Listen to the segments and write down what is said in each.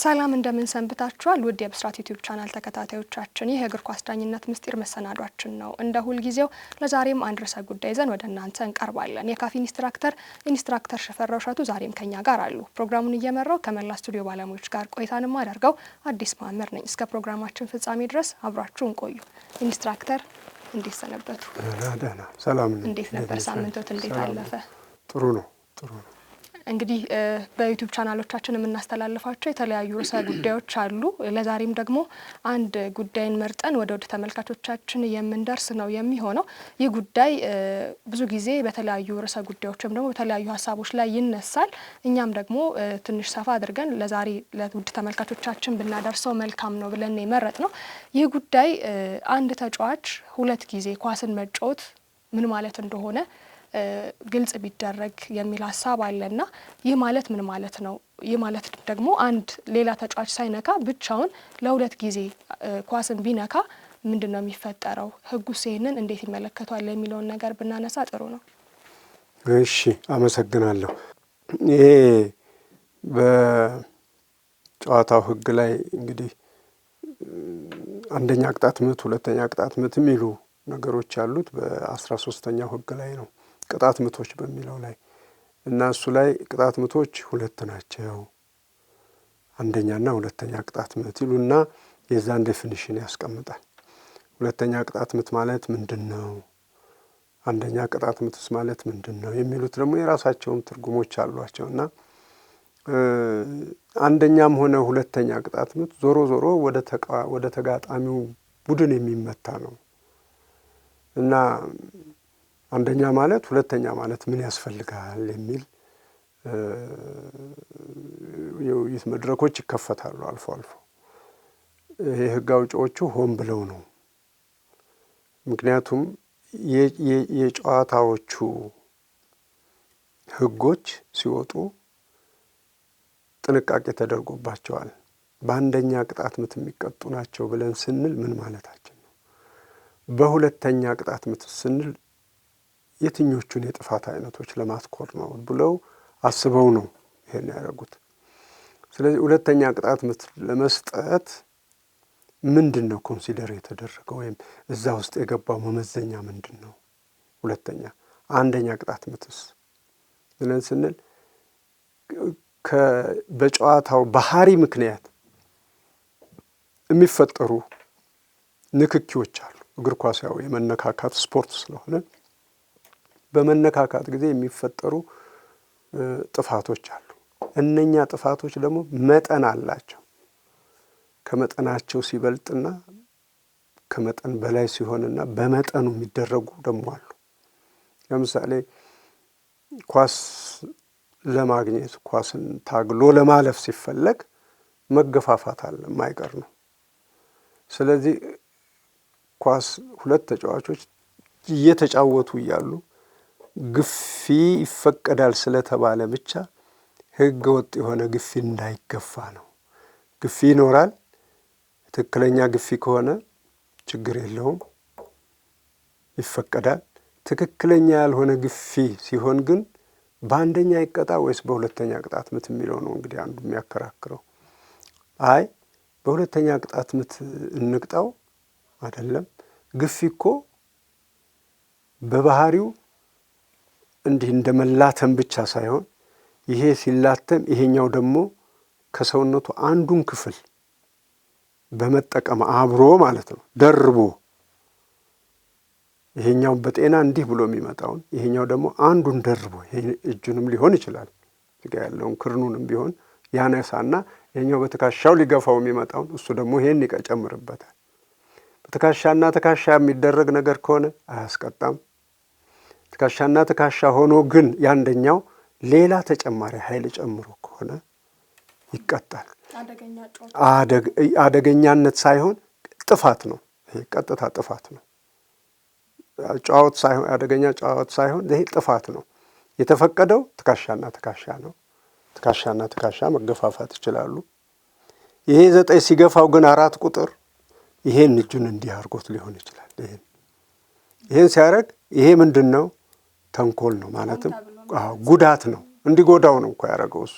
ሰላም እንደምን ሰንብታችኋል? ውድ የብስራት ዩቲዩብ ቻናል ተከታታዮቻችን ይህ የእግር ኳስ ዳኝነት ምስጢር መሰናዷችን ነው። እንደ ሁልጊዜው ለዛሬም አንድ ርዕሰ ጉዳይ ይዘን ወደ እናንተ እንቀርባለን። የካፍ ኢንስትራክተር ኢንስትራክተር ሽፈራው እሸቱ ዛሬም ከኛ ጋር አሉ። ፕሮግራሙን እየመራው ከመላ ስቱዲዮ ባለሙያዎች ጋር ቆይታንም አደርገው አዲስ ማመር ነኝ። እስከ ፕሮግራማችን ፍጻሜ ድረስ አብራችሁን ቆዩ። ኢንስትራክተር እንዴት ሰነበቱ? ደህና ሰላም። እንዴት ነበር ሳምንቶት? እንዴት አለፈ? ጥሩ ነው ጥሩ ነው እንግዲህ በዩቱብ ቻናሎቻችን የምናስተላልፋቸው የተለያዩ ርዕሰ ጉዳዮች አሉ። ለዛሬም ደግሞ አንድ ጉዳይን መርጠን ወደ ወደ ተመልካቾቻችን የምንደርስ ነው የሚሆነው። ይህ ጉዳይ ብዙ ጊዜ በተለያዩ ርዕሰ ጉዳዮች ወይም ደግሞ በተለያዩ ሀሳቦች ላይ ይነሳል። እኛም ደግሞ ትንሽ ሰፋ አድርገን ለዛሬ ለውድ ተመልካቾቻችን ብናደርሰው መልካም ነው ብለን የመረጥ ነው። ይህ ጉዳይ አንድ ተጫዋች ሁለት ጊዜ ኳስን መጫወት ምን ማለት እንደሆነ ግልጽ ቢደረግ የሚል ሀሳብ አለና ይህ ማለት ምን ማለት ነው? ይህ ማለት ደግሞ አንድ ሌላ ተጫዋች ሳይነካ ብቻውን ለሁለት ጊዜ ኳስን ቢነካ ምንድን ነው የሚፈጠረው? ህጉስ ይህንን እንዴት ይመለከቷል? የሚለውን ነገር ብናነሳ ጥሩ ነው። እሺ፣ አመሰግናለሁ። ይሄ በጨዋታው ህግ ላይ እንግዲህ አንደኛ ቅጣት ምት፣ ሁለተኛ ቅጣት ምት የሚሉ ነገሮች ያሉት በአስራ ሶስተኛው ህግ ላይ ነው። ቅጣት ምቶች በሚለው ላይ እና እሱ ላይ ቅጣት ምቶች ሁለት ናቸው። አንደኛና ሁለተኛ ቅጣት ምት ይሉና የዛን ዴፊኒሽን ያስቀምጣል። ሁለተኛ ቅጣት ምት ማለት ምንድን ነው? አንደኛ ቅጣት ምትስ ማለት ምንድን ነው? የሚሉት ደግሞ የራሳቸውም ትርጉሞች አሏቸው እና አንደኛም ሆነ ሁለተኛ ቅጣት ምት ዞሮ ዞሮ ወደ ተጋጣሚው ቡድን የሚመታ ነው እና አንደኛ ማለት ሁለተኛ ማለት ምን ያስፈልጋል የሚል የውይይት መድረኮች ይከፈታሉ አልፎ አልፎ። ይሄ ህግ አውጪዎቹ ሆን ብለው ነው። ምክንያቱም የጨዋታዎቹ ህጎች ሲወጡ ጥንቃቄ ተደርጎባቸዋል። በአንደኛ ቅጣት ምት የሚቀጡ ናቸው ብለን ስንል ምን ማለታችን ነው? በሁለተኛ ቅጣት ምት ስንል የትኞቹን የጥፋት አይነቶች ለማስኮር ነው ብለው አስበው ነው ይሄን ያደረጉት። ስለዚህ ሁለተኛ ቅጣት ምት ለመስጠት ምንድን ነው ኮንሲደር የተደረገው ወይም እዛ ውስጥ የገባው መመዘኛ ምንድን ነው? ሁለተኛ አንደኛ ቅጣት ምትስ ብለን ስንል በጨዋታው ባህሪ ምክንያት የሚፈጠሩ ንክኪዎች አሉ። እግር ኳሳዊ የመነካካት ስፖርት ስለሆነ በመነካካት ጊዜ የሚፈጠሩ ጥፋቶች አሉ። እነኛ ጥፋቶች ደግሞ መጠን አላቸው። ከመጠናቸው ሲበልጥና ከመጠን በላይ ሲሆንና በመጠኑ የሚደረጉ ደግሞ አሉ። ለምሳሌ ኳስ ለማግኘት ኳስን ታግሎ ለማለፍ ሲፈለግ መገፋፋት አለ፣ የማይቀር ነው። ስለዚህ ኳስ ሁለት ተጫዋቾች እየተጫወቱ እያሉ ግፊ ይፈቀዳል ስለተባለ ብቻ ህገ ወጥ የሆነ ግፊ እንዳይገፋ ነው። ግፊ ይኖራል። ትክክለኛ ግፊ ከሆነ ችግር የለውም፣ ይፈቀዳል። ትክክለኛ ያልሆነ ግፊ ሲሆን ግን በአንደኛ ይቀጣ ወይስ በሁለተኛ ቅጣት ምት የሚለው ነው እንግዲህ አንዱ የሚያከራክረው። አይ በሁለተኛ ቅጣት ምት እንቅጣው አይደለም። ግፊ እኮ በባህሪው እንዲህ እንደ መላተም ብቻ ሳይሆን ይሄ ሲላተም ይሄኛው ደግሞ ከሰውነቱ አንዱን ክፍል በመጠቀም አብሮ ማለት ነው ደርቦ ይሄኛው በጤና እንዲህ ብሎ የሚመጣውን ይሄኛው ደግሞ አንዱን ደርቦ እጁንም ሊሆን ይችላል ጋ ያለውን ክርኑንም ቢሆን ያነሳና ይሄኛው በትከሻው ሊገፋው የሚመጣውን እሱ ደግሞ ይሄን ይጨምርበታል። በትከሻና ትከሻ የሚደረግ ነገር ከሆነ አያስቀጣም። ትከሻና ትከሻ ሆኖ ግን ያንደኛው ሌላ ተጨማሪ ኃይል ጨምሮ ከሆነ ይቀጣል። አደገኛነት ሳይሆን ጥፋት ነው። ይሄ ቀጥታ ጥፋት ነው። ጨዋወት ሳይሆን አደገኛ ጨዋወት ሳይሆን ይሄ ጥፋት ነው። የተፈቀደው ትከሻና ትከሻ ነው። ትከሻና ትከሻ መገፋፋት ይችላሉ። ይሄ ዘጠኝ ሲገፋው ግን አራት ቁጥር ይሄን እጁን እንዲህ አድርጎት ሊሆን ይችላል። ይሄን ይሄን ሲያደርግ ይሄ ምንድን ነው? ተንኮል ነው ማለትም ጉዳት ነው። እንዲጎዳው ነው እኮ ያደረገው እሱ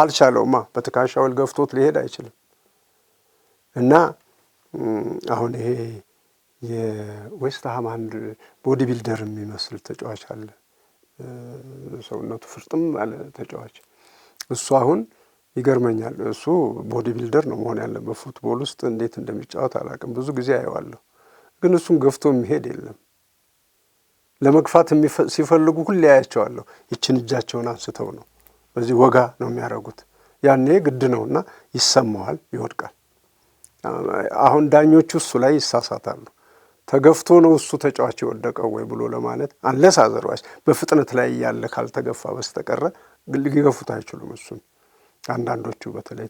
አልቻለውማ። በትከሻው ገፍቶት ሊሄድ አይችልም። እና አሁን ይሄ የዌስትሃም አንድ ቦዲ ቢልደር የሚመስል ተጫዋች አለ፣ ሰውነቱ ፍርጥም አለ ተጫዋች። እሱ አሁን ይገርመኛል። እሱ ቦዲ ቢልደር ነው መሆን ያለበት። በፉትቦል ውስጥ እንዴት እንደሚጫወት አላውቅም፣ ብዙ ጊዜ አየዋለሁ፣ ግን እሱን ገፍቶ የሚሄድ የለም ለመግፋት ሲፈልጉ ሁሌ ያያቸዋለሁ። ይችን እጃቸውን አንስተው ነው በዚህ ወጋ ነው የሚያደርጉት። ያኔ ግድ ነውና ይሰማዋል፣ ይወድቃል። አሁን ዳኞቹ እሱ ላይ ይሳሳታሉ። ተገፍቶ ነው እሱ ተጫዋች የወደቀው ወይ ብሎ ለማለት አንለስ አዘርባች በፍጥነት ላይ እያለ ካልተገፋ በስተቀረ ሊገፉት አይችሉም እሱን አንዳንዶቹ በተለይ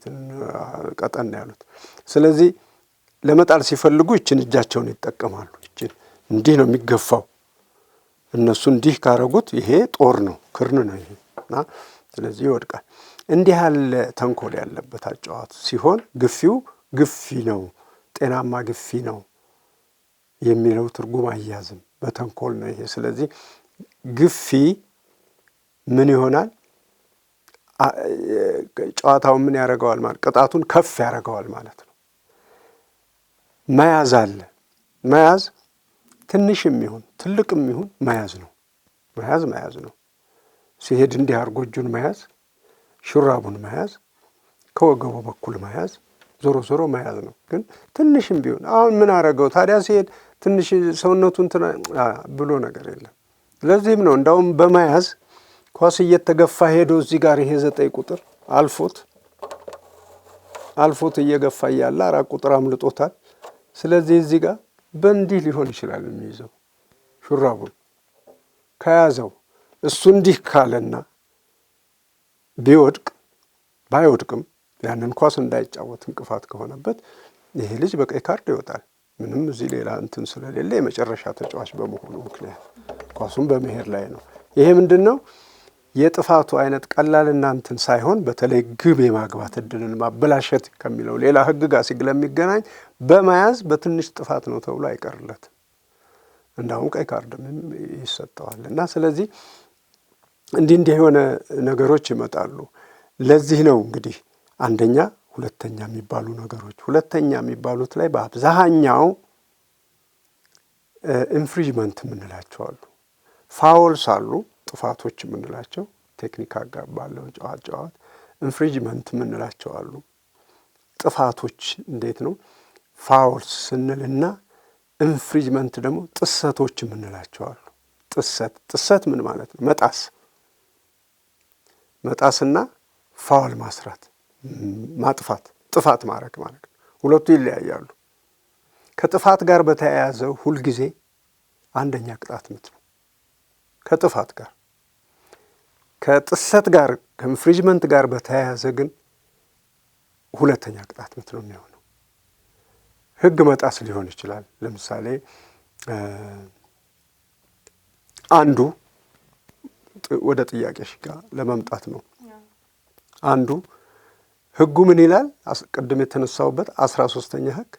ቀጠና ያሉት። ስለዚህ ለመጣል ሲፈልጉ ይችን እጃቸውን ይጠቀማሉ። ይችን እንዲህ ነው የሚገፋው እነሱ እንዲህ ካረጉት ይሄ ጦር ነው፣ ክርን ነው ይሄ እና ስለዚህ ይወድቃል። እንዲህ ያለ ተንኮል ያለበት አጫዋት ሲሆን ግፊው ግፊ ነው፣ ጤናማ ግፊ ነው የሚለው ትርጉም አያዝም። በተንኮል ነው ይሄ። ስለዚህ ግፊ ምን ይሆናል? ጨዋታውን ምን ያደርገዋል ማለት ቅጣቱን ከፍ ያደርገዋል ማለት ነው። መያዝ አለ መያዝ ትንሽ የሚሆን ትልቅ የሚሆን መያዝ ነው። መያዝ መያዝ ነው። ሲሄድ እንዲህ አድርጎ እጁን መያዝ፣ ሹራቡን መያዝ፣ ከወገቡ በኩል መያዝ፣ ዞሮ ዞሮ መያዝ ነው። ግን ትንሽም ቢሆን አሁን ምን አረገው ታዲያ? ሲሄድ ትንሽ ሰውነቱን ብሎ ነገር የለም። ለዚህም ነው እንዳውም በመያዝ ኳስ እየተገፋ ሄዶ እዚህ ጋር ይሄ ዘጠኝ ቁጥር አልፎት አልፎት እየገፋ እያለ አራት ቁጥር አምልጦታል። ስለዚህ እዚህ ጋር በእንዲህ ሊሆን ይችላል የሚይዘው ሹራቡን ከያዘው እሱ እንዲህ ካለና ቢወድቅ ባይወድቅም ያንን ኳስ እንዳይጫወት እንቅፋት ከሆነበት ይሄ ልጅ በቀይ ካርድ ይወጣል። ምንም እዚህ ሌላ እንትን ስለሌለ የመጨረሻ ተጫዋች በመሆኑ ምክንያት ኳሱን በመሄድ ላይ ነው። ይሄ ምንድን ነው የጥፋቱ አይነት ቀላልና እንትን ሳይሆን በተለይ ግብ የማግባት እድልን ማበላሸት ከሚለው ሌላ ህግ ጋር ሲግለሚገናኝ በመያዝ በትንሽ ጥፋት ነው ተብሎ አይቀርለትም። እንዳሁም ቀይ ካርድም ይሰጠዋል እና ስለዚህ እንዲህ እንዲህ የሆነ ነገሮች ይመጣሉ። ለዚህ ነው እንግዲህ አንደኛ ሁለተኛ የሚባሉ ነገሮች ሁለተኛ የሚባሉት ላይ በአብዛኛው ኢንፍሪጅመንት የምንላቸው አሉ። ፋውልስ አሉ፣ ጥፋቶች የምንላቸው ቴክኒክ አጋባለው ጨዋት ጨዋት ኢንፍሪጅመንት የምንላቸው አሉ። ጥፋቶች እንዴት ነው ፋውልስ ስንልና ኢንፍሪጅመንት ደግሞ ጥሰቶች የምንላቸዋሉ። ጥሰት ጥሰት ምን ማለት ነው? መጣስ መጣስና ፋውል ማስራት ማጥፋት ጥፋት ማድረግ ማለት ነው። ሁለቱ ይለያያሉ። ከጥፋት ጋር በተያያዘ ሁልጊዜ አንደኛ ቅጣት ምት ነው። ከጥፋት ጋር ከጥሰት ጋር ከኢንፍሪጅመንት ጋር በተያያዘ ግን ሁለተኛ ቅጣት ምት ነው የሚሆነው። ህግ መጣስ ሊሆን ይችላል። ለምሳሌ አንዱ ወደ ጥያቄ ሽጋ ለመምጣት ነው። አንዱ ህጉ ምን ይላል? ቅድም የተነሳውበት አስራ ሶስተኛ ህግ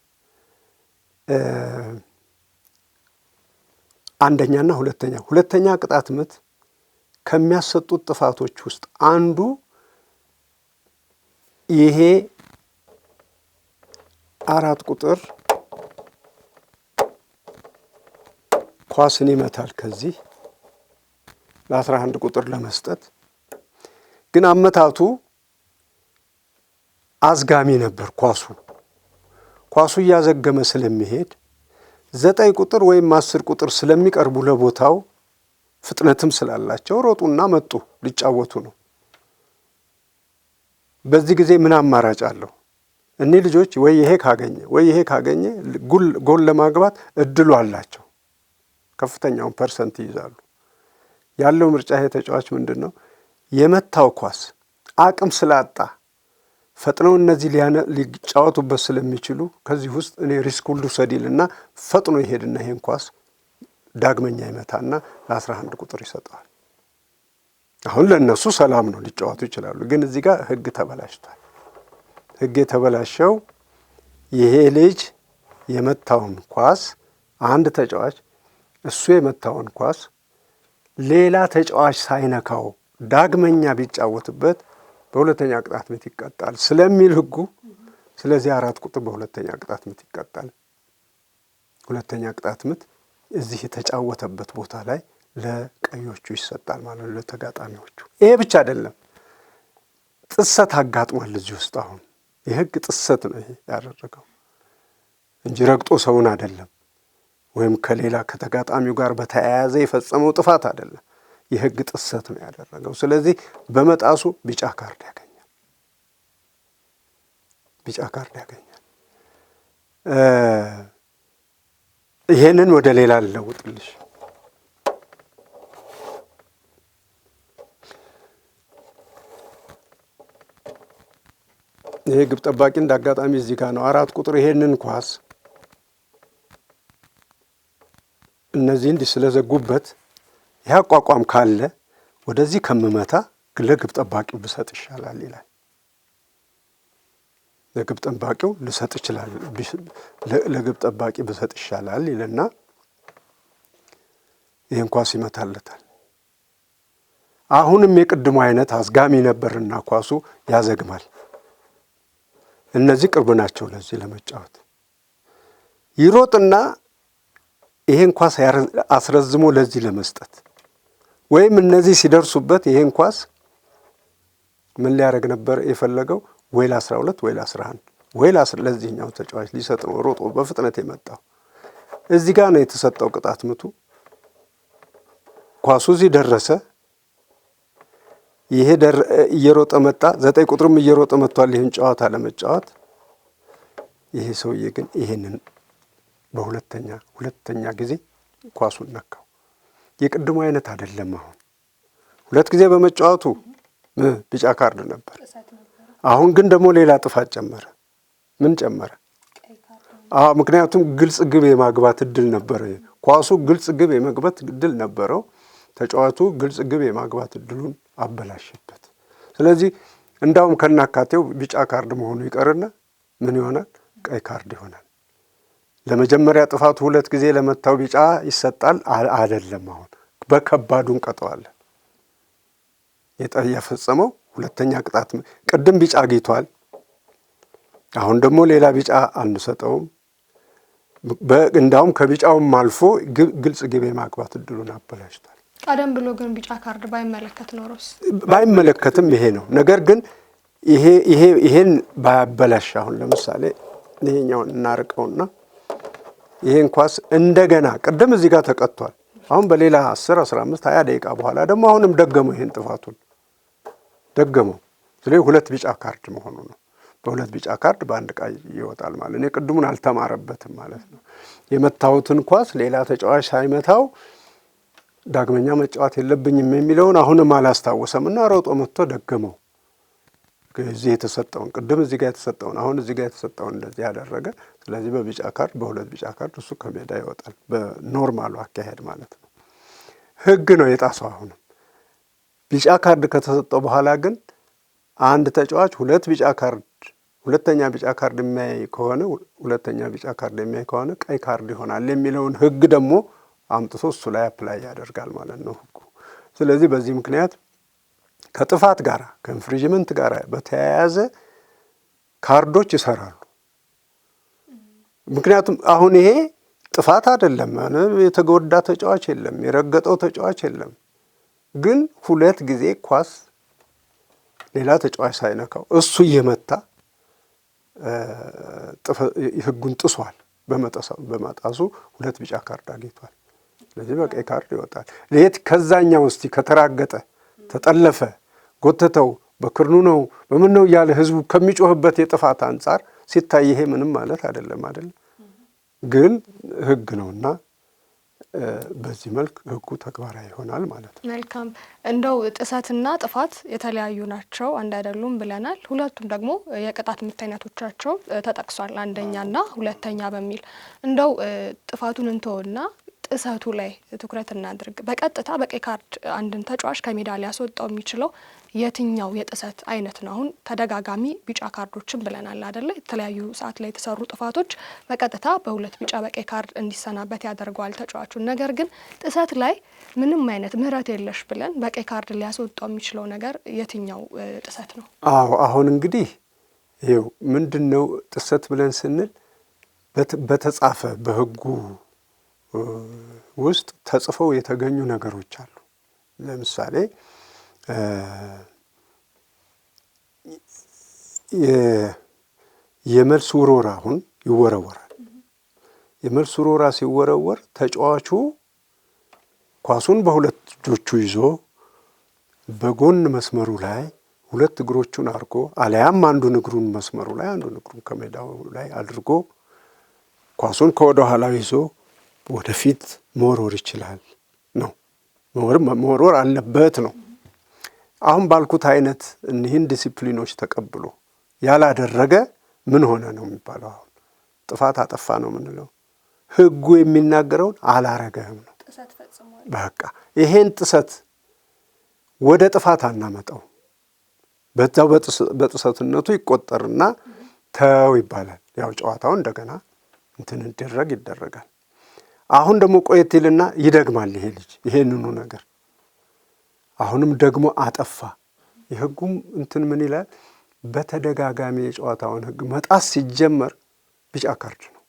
አንደኛና ሁለተኛ ሁለተኛ ቅጣት ምት ከሚያሰጡት ጥፋቶች ውስጥ አንዱ ይሄ አራት ቁጥር ኳስን ይመታል። ከዚህ ለ11 ቁጥር ለመስጠት ግን አመታቱ አዝጋሚ ነበር። ኳሱ ኳሱ እያዘገመ ስለሚሄድ ዘጠኝ ቁጥር ወይም አስር ቁጥር ስለሚቀርቡ ለቦታው ፍጥነትም ስላላቸው ሮጡና መጡ ሊጫወቱ ነው። በዚህ ጊዜ ምን አማራጭ አለው? እኒህ ልጆች ወይ ይሄ ካገኘ ወይ ይሄ ካገኘ ጎል ለማግባት እድሉ አላቸው። ከፍተኛውን ፐርሰንት ይይዛሉ። ያለው ምርጫ ይሄ ተጫዋች ምንድን ነው የመታው ኳስ አቅም ስላጣ ፈጥነው እነዚህ ሊጫወቱበት ስለሚችሉ ከዚህ ውስጥ እኔ ሪስክ ሁሉ ሰዲልና ፈጥኖ ይሄድና ይሄን ኳስ ዳግመኛ ይመታና ለአስራ አንድ ቁጥር ይሰጠዋል። አሁን ለእነሱ ሰላም ነው፣ ሊጫወቱ ይችላሉ። ግን እዚህ ጋር ህግ ተበላሽቷል። ህግ የተበላሸው ይሄ ልጅ የመታውን ኳስ አንድ ተጫዋች እሱ የመታውን ኳስ ሌላ ተጫዋች ሳይነካው ዳግመኛ ቢጫወትበት በሁለተኛ ቅጣት ምት ይቀጣል ስለሚል ህጉ ስለዚህ አራት ቁጥር በሁለተኛ ቅጣት ምት ይቀጣል። ሁለተኛ ቅጣት ምት እዚህ የተጫወተበት ቦታ ላይ ለቀዮቹ ይሰጣል ማለት ለተጋጣሚዎቹ። ይሄ ብቻ አይደለም፣ ጥሰት አጋጥሟል እዚህ ውስጥ አሁን የህግ ጥሰት ነው ይሄ ያደረገው እንጂ ረግጦ ሰውን አይደለም፣ ወይም ከሌላ ከተጋጣሚው ጋር በተያያዘ የፈጸመው ጥፋት አይደለም። የህግ ጥሰት ነው ያደረገው። ስለዚህ በመጣሱ ቢጫ ካርድ ያገኛል። ቢጫ ካርድ ያገኛል። ይሄንን ወደ ሌላ ልለውጥልሽ። ይሄ ግብ ጠባቂ እንደ አጋጣሚ እዚህ ጋር ነው። አራት ቁጥር ይሄንን ኳስ እነዚህ እንዲህ ስለዘጉበት ይህ አቋቋም ካለ ወደዚህ ከምመታ ለግብ ጠባቂው ብሰጥ ይሻላል ይላል። ለግብ ጠባቂው ልሰጥ ይችላል ለግብ ጠባቂ ብሰጥ ይሻላል ይልና ይህን ኳስ ይመታለታል። አሁንም የቅድሙ አይነት አዝጋሚ ነበርና ኳሱ ያዘግማል። እነዚህ ቅርብ ናቸው ለዚህ ለመጫወት። ይሮጥና ይሄን ኳስ አስረዝሞ ለዚህ ለመስጠት ወይም እነዚህ ሲደርሱበት ይሄን ኳስ ምን ሊያደርግ ነበር የፈለገው? ወይ ለ ሁለት ወይ ለ አንድ ወይ ለዚህኛው ተጫዋች ሊሰጥ ነው ሮጦ በፍጥነት የመጣው። እዚህ ጋር ነው የተሰጠው ቅጣት ምቱ። ኳሱ እዚህ ደረሰ። ይሄ እየሮጠ መጣ። ዘጠኝ ቁጥርም እየሮጠ መጥቷል ይህን ጨዋታ ለመጫወት። ይሄ ሰውዬ ግን ይሄንን በሁለተኛ ሁለተኛ ጊዜ ኳሱን ነካው። የቅድሙ አይነት አይደለም። አሁን ሁለት ጊዜ በመጫወቱ ቢጫ ካርድ ነበር። አሁን ግን ደግሞ ሌላ ጥፋት ጨመረ። ምን ጨመረ? አዎ ምክንያቱም ግልጽ ግብ የማግባት እድል ነበረ። ኳሱ ግልጽ ግብ የመግባት እድል ነበረው። ተጫዋቹ ግልጽ ግብ የማግባት እድሉን አበላሸበት። ስለዚህ እንዳውም ከናካቴው ቢጫ ካርድ መሆኑ ይቀርና ምን ይሆናል? ቀይ ካርድ ይሆናል። ለመጀመሪያ ጥፋቱ ሁለት ጊዜ ለመታው ቢጫ ይሰጣል አደለም አሁን በከባዱ እንቀጠዋለን። የፈጸመው ሁለተኛ ቅጣት ቅድም ቢጫ አግኝቷል። አሁን ደግሞ ሌላ ቢጫ አንሰጠውም። እንዳውም ከቢጫውም አልፎ ግልጽ ግቤ ማግባት እድሉን አበላሽቷል። ቀደም ብሎ ግን ቢጫ ካርድ ባይመለከት ኖሮስ ባይመለከትም ይሄ ነው። ነገር ግን ይሄን ባያበላሽ አሁን ለምሳሌ ይሄኛውን እናርቀውና ይሄን ኳስ እንደገና ቅድም እዚህ ጋር ተቀጥቷል። አሁን በሌላ 10 15 20 ደቂቃ በኋላ ደግሞ አሁንም ደገመው ይሄን ጥፋቱን ደገመው። ስለዚህ ሁለት ቢጫ ካርድ መሆኑ ነው። በሁለት ቢጫ ካርድ በአንድ ዕቃ ይወጣል ማለት ነው። ቅድሙን አልተማረበትም ማለት ነው። የመታሁትን ኳስ ሌላ ተጫዋች ሳይመታው ዳግመኛ መጫወት የለብኝም የሚለውን አሁንም አላስታወሰም እና ሮጦ መጥቶ ደገመው። እዚህ የተሰጠውን ቅድም እዚህ ጋር የተሰጠውን አሁን እዚህ ጋር የተሰጠውን እንደዚህ ያደረገ። ስለዚህ በቢጫ ካርድ በሁለት ቢጫ ካርድ እሱ ከሜዳ ይወጣል። በኖርማሉ አካሄድ ማለት ነው። ህግ ነው የጣሰው። አሁንም ቢጫ ካርድ ከተሰጠው በኋላ ግን አንድ ተጫዋች ሁለት ቢጫ ካርድ ሁለተኛ ቢጫ ካርድ የሚያይ ከሆነ ሁለተኛ ቢጫ ካርድ የሚያይ ከሆነ ቀይ ካርድ ይሆናል የሚለውን ህግ ደግሞ አምጥቶ እሱ ላይ አፕላይ ያደርጋል ማለት ነው ህጉ። ስለዚህ በዚህ ምክንያት ከጥፋት ጋር ከኢንፍሪጅመንት ጋር በተያያዘ ካርዶች ይሰራሉ። ምክንያቱም አሁን ይሄ ጥፋት አይደለም፣ የተጎዳ ተጫዋች የለም፣ የረገጠው ተጫዋች የለም። ግን ሁለት ጊዜ ኳስ ሌላ ተጫዋች ሳይነካው እሱ እየመታ ህጉን ጥሷል። በመጣሱ ሁለት ቢጫ ካርድ አግኝቷል። ስለዚህ በቀይ ካርድ ይወጣል። ለየት ከዛኛው እስቲ ከተራገጠ፣ ተጠለፈ፣ ጎተተው፣ በክርኑ ነው በምን ነው እያለ ህዝቡ ከሚጮህበት የጥፋት አንጻር ሲታይ ይሄ ምንም ማለት አይደለም አይደለም። ግን ህግ ነውና በዚህ መልክ ህጉ ተግባራዊ ይሆናል ማለት ነው። መልካም እንደው ጥሰትና ጥፋት የተለያዩ ናቸው፣ አንድ አይደሉም ብለናል። ሁለቱም ደግሞ የቅጣት ምት አይነቶቻቸው ተጠቅሷል፣ አንደኛና ሁለተኛ በሚል እንደው ጥፋቱን እንተውና ጥሰቱ ላይ ትኩረት እናድርግ። በቀጥታ በቀይ ካርድ አንድን ተጫዋች ከሜዳ ሊያስወጣው የሚችለው የትኛው የጥሰት አይነት ነው? አሁን ተደጋጋሚ ቢጫ ካርዶችን ብለናል አደለ? የተለያዩ ሰዓት ላይ የተሰሩ ጥፋቶች በቀጥታ በሁለት ቢጫ በቀይ ካርድ እንዲሰናበት ያደርገዋል ተጫዋቹን። ነገር ግን ጥሰት ላይ ምንም አይነት ምህረት የለሽ ብለን በቀይ ካርድ ሊያስወጣው የሚችለው ነገር የትኛው ጥሰት ነው? አዎ አሁን እንግዲህ ይው ምንድን ነው ጥሰት ብለን ስንል በተጻፈ በህጉ ውስጥ ተጽፈው የተገኙ ነገሮች አሉ። ለምሳሌ የመልስ ውርወራ አሁን ይወረወራል። የመልስ ውርወራ ሲወረወር ተጫዋቹ ኳሱን በሁለት እጆቹ ይዞ በጎን መስመሩ ላይ ሁለት እግሮቹን አድርጎ አለያም አንዱን እግሩን መስመሩ ላይ አንዱን እግሩን ከሜዳው ላይ አድርጎ ኳሱን ከወደ ኋላ ይዞ ወደፊት መወርወር ይችላል ነው። መወርወር አለበት ነው። አሁን ባልኩት አይነት እኒህን ዲሲፕሊኖች ተቀብሎ ያላደረገ ምን ሆነ ነው የሚባለው? አሁን ጥፋት አጠፋ ነው የምንለው። ህጉ የሚናገረውን አላረገህም ነው በቃ። ይሄን ጥሰት ወደ ጥፋት አናመጠው በዛው በጥሰትነቱ ይቆጠርና ተው ይባላል። ያው ጨዋታው እንደገና እንትን እንዲደረግ ይደረጋል። አሁን ደግሞ ቆየት ይልና ይደግማል ይሄ ልጅ ይሄንኑ ነገር አሁንም ደግሞ አጠፋ። የህጉም እንትን ምን ይላል? በተደጋጋሚ የጨዋታውን ህግ መጣስ ሲጀመር ቢጫ ካርድ ነው።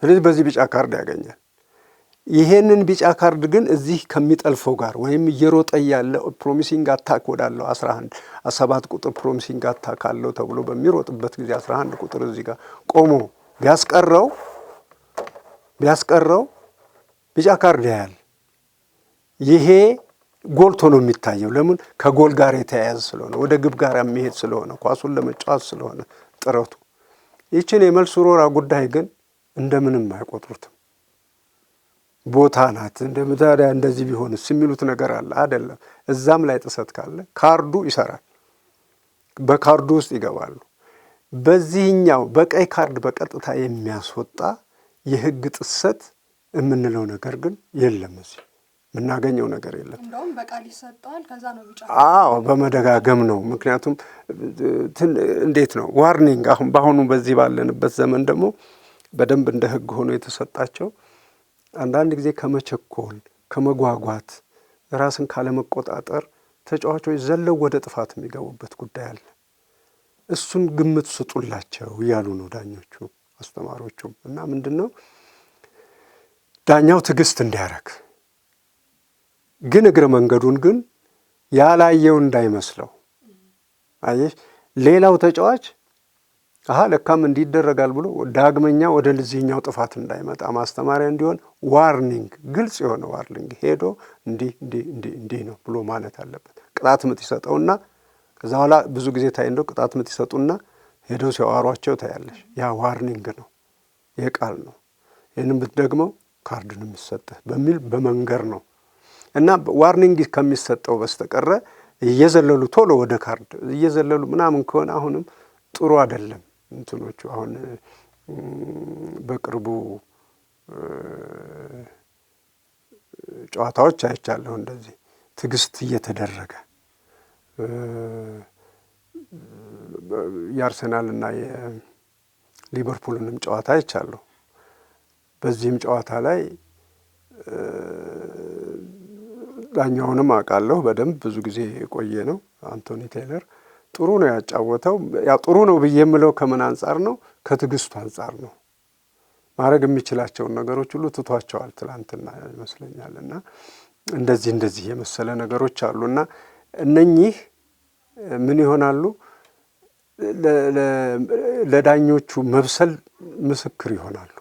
ስለዚህ በዚህ ቢጫ ካርድ ያገኛል። ይሄንን ቢጫ ካርድ ግን እዚህ ከሚጠልፈው ጋር ወይም እየሮጠ ያለ ፕሮሚሲንግ አታክ ወዳለው 11 ሰባት ቁጥር ፕሮሚሲንግ አታክ አለው ተብሎ በሚሮጥበት ጊዜ 11 ቁጥር እዚህ ጋር ቆሞ ቢያስቀረው ቢያስቀረው ቢጫ ካርድ ያያል። ይሄ ጎልቶ ነው የሚታየው። ለምን? ከጎል ጋር የተያያዘ ስለሆነ ወደ ግብ ጋር የሚሄድ ስለሆነ ኳሱን ለመጫወት ስለሆነ ጥረቱ። ይችን የመልሱ ሮራ ጉዳይ ግን እንደምንም አይቆጥሩትም። ቦታ ናት እንደምታዲያ እንደዚህ ቢሆንስ የሚሉት ነገር አለ አይደለም። እዛም ላይ ጥሰት ካለ ካርዱ ይሰራል፣ በካርዱ ውስጥ ይገባሉ። በዚህኛው በቀይ ካርድ በቀጥታ የሚያስወጣ የህግ ጥሰት የምንለው ነገር ግን የለም። እዚህ የምናገኘው ነገር የለም። አዎ በመደጋገም ነው። ምክንያቱም እንዴት ነው ዋርኒንግ፣ አሁን በአሁኑ በዚህ ባለንበት ዘመን ደግሞ በደንብ እንደ ህግ ሆኖ የተሰጣቸው አንዳንድ ጊዜ ከመቸኮል ከመጓጓት ራስን ካለመቆጣጠር ተጫዋቾች ዘለው ወደ ጥፋት የሚገቡበት ጉዳይ አለ። እሱን ግምት ስጡላቸው እያሉ ነው ዳኞቹ። አስተማሪዎቹ እና ምንድን ነው ዳኛው ትዕግስት እንዲያረግ ግን እግረ መንገዱን ግን ያላየው እንዳይመስለው። አየሽ ሌላው ተጫዋች አሀ ለካም እንዲደረጋል ብሎ ዳግመኛ ወደ ልዚህኛው ጥፋት እንዳይመጣ ማስተማሪያ እንዲሆን ዋርኒንግ፣ ግልጽ የሆነ ዋርኒንግ ሄዶ እንዲህ እንዲህ እንዲህ ነው ብሎ ማለት አለበት። ቅጣት ምት ይሰጠውና ከዛ በኋላ ብዙ ጊዜ ታይ እንደው ቅጣት ምት ይሰጡና ሄደው ሲያዋሯቸው ታያለሽ። ያ ዋርኒንግ ነው፣ የቃል ነው። ይህንም ብትደግመው ካርድን የሚሰጥህ በሚል በመንገር ነው እና ዋርኒንግ ከሚሰጠው በስተቀረ እየዘለሉ ቶሎ ወደ ካርድ እየዘለሉ ምናምን ከሆነ አሁንም ጥሩ አይደለም። እንትኖቹ አሁን በቅርቡ ጨዋታዎች አይቻለሁ እንደዚህ ትዕግስት እየተደረገ የአርሰናልና የሊቨርፑልንም ጨዋታ አይቻለሁ። በዚህም ጨዋታ ላይ ዳኛውንም አውቃለሁ በደንብ ብዙ ጊዜ የቆየ ነው። አንቶኒ ቴይለር ጥሩ ነው ያጫወተው። ያው ጥሩ ነው ብዬ የምለው ከምን አንጻር ነው? ከትዕግስቱ አንጻር ነው። ማድረግ የሚችላቸውን ነገሮች ሁሉ ትቷቸዋል። ትላንትና ይመስለኛል እና እንደዚህ እንደዚህ የመሰለ ነገሮች እና እነኚህ ምን ይሆናሉ? ለዳኞቹ መብሰል ምስክር ይሆናሉ።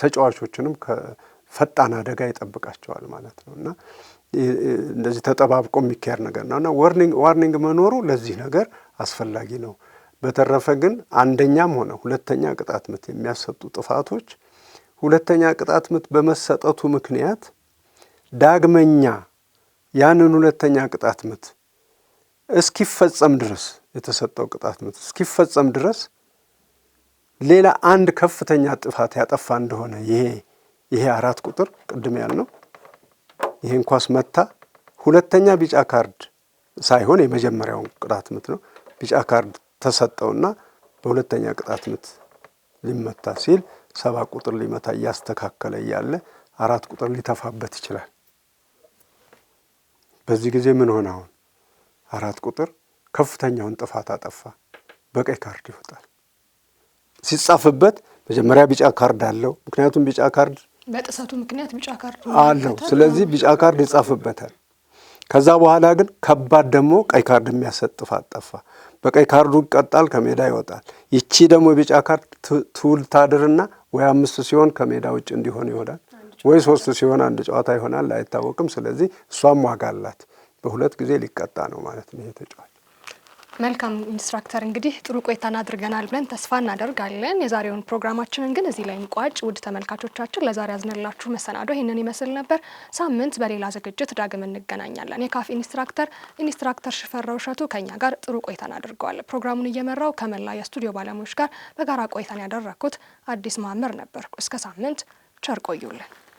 ተጫዋቾችንም ከፈጣን አደጋ ይጠብቃቸዋል ማለት ነው እና እንደዚህ ተጠባብቆ የሚካሄድ ነገር ነው እና ዋርኒንግ መኖሩ ለዚህ ነገር አስፈላጊ ነው። በተረፈ ግን አንደኛም ሆነ ሁለተኛ ቅጣት ምት የሚያሰጡ ጥፋቶች ሁለተኛ ቅጣት ምት በመሰጠቱ ምክንያት ዳግመኛ ያንን ሁለተኛ ቅጣት ምት እስኪፈጸም ድረስ የተሰጠው ቅጣት ምት እስኪፈጸም ድረስ ሌላ አንድ ከፍተኛ ጥፋት ያጠፋ እንደሆነ ይሄ ይሄ አራት ቁጥር ቅድም ያልነው ይሄን ኳስ መታ ሁለተኛ ቢጫ ካርድ ሳይሆን የመጀመሪያውን ቅጣት ምት ነው። ቢጫ ካርድ ተሰጠውና በሁለተኛ ቅጣት ምት ሊመታ ሲል ሰባ ቁጥር ሊመታ እያስተካከለ እያለ አራት ቁጥር ሊተፋበት ይችላል። በዚህ ጊዜ ምን ሆነ አሁን አራት ቁጥር ከፍተኛውን ጥፋት አጠፋ። በቀይ ካርድ ይወጣል። ሲጻፍበት መጀመሪያ ቢጫ ካርድ አለው። ምክንያቱም ቢጫ ካርድ በጥሰቱ ምክንያት ቢጫ ካርድ አለው። ስለዚህ ቢጫ ካርድ ይጻፍበታል። ከዛ በኋላ ግን ከባድ ደግሞ ቀይ ካርድ የሚያሰጥ ጥፋት ጠፋ። በቀይ ካርዱ ይቀጣል፣ ከሜዳ ይወጣል። ይቺ ደግሞ ቢጫ ካርድ ትውል ታድርና ወይ አምስት ሲሆን ከሜዳ ውጭ እንዲሆን ይሆናል፣ ወይ ሶስት ሲሆን አንድ ጨዋታ ይሆናል፣ አይታወቅም። ስለዚህ እሷም ዋጋ አላት። በሁለት ጊዜ ሊቀጣ ነው ማለት ነው ይሄ ተጫዋች። መልካም ኢንስትራክተር፣ እንግዲህ ጥሩ ቆይታን አድርገናል ብለን ተስፋ እናደርጋለን። የዛሬውን ፕሮግራማችንን ግን እዚህ ላይ እንቋጭ። ውድ ተመልካቾቻችን ለዛሬ ያዝንላችሁ መሰናዶ ይህንን ይመስል ነበር። ሳምንት በሌላ ዝግጅት ዳግም እንገናኛለን። የካፍ ኢንስትራክተር ኢንስትራክተር ሽፈራው እሸቱ ከኛ ጋር ጥሩ ቆይታን አድርገዋል። ፕሮግራሙን እየመራው ከመላ የስቱዲዮ ባለሙያዎች ጋር በጋራ ቆይታን ያደረግኩት አዲስ ማመር ነበርኩ። እስከ ሳምንት ቸር ቆዩልን።